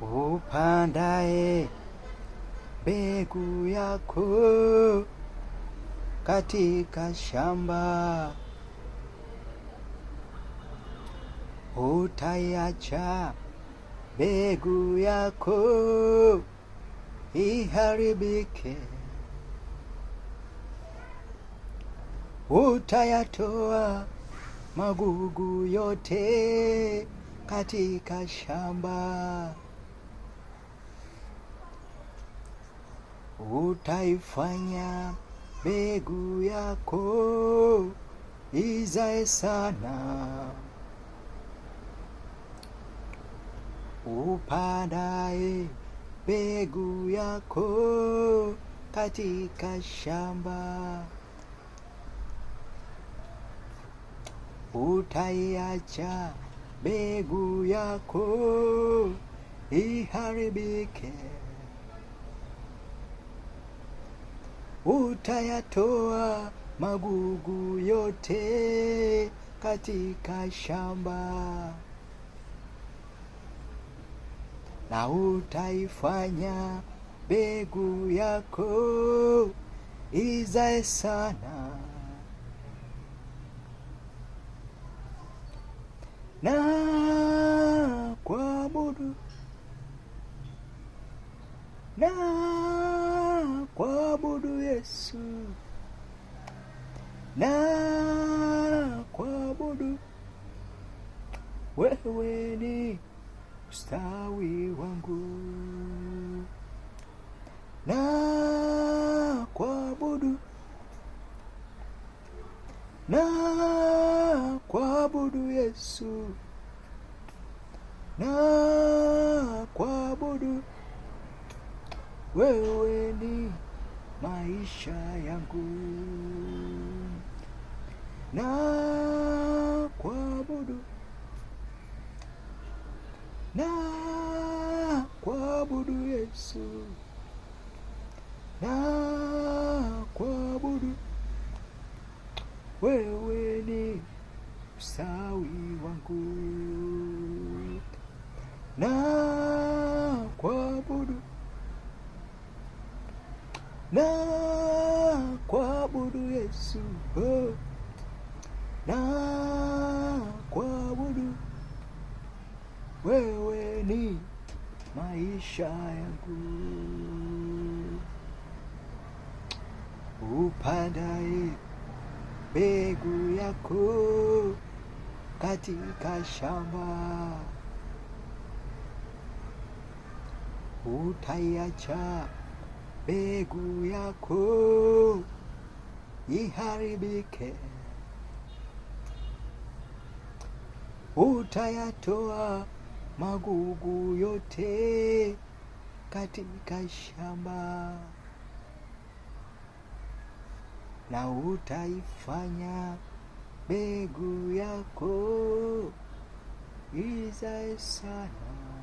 upandae mbegu yako katika shamba utaiacha mbegu yako iharibike, utayatoa magugu yote katika shamba. utaifanya mbegu yako izae sana, upandae mbegu yako katika shamba utaiacha mbegu yako iharibike. utayatoa magugu yote katika shamba na utaifanya mbegu yako izae sana, na kuabudu na kuabudu Yesu na kuabudu wewe ni ustawi wangu na kuabudu na kuabudu Yesu na kuabudu wewe ni maisha yangu na kuabudu na kuabudu Yesu na kuabudu wewe ni usawi wangu na na kuabudu Yesu oh. na kuabudu wewe ni maisha yangu, upandaye mbegu yako katika shamba utaiacha mbegu yako iharibike, utayatoa magugu yote katika shamba na utaifanya mbegu yako izae sana.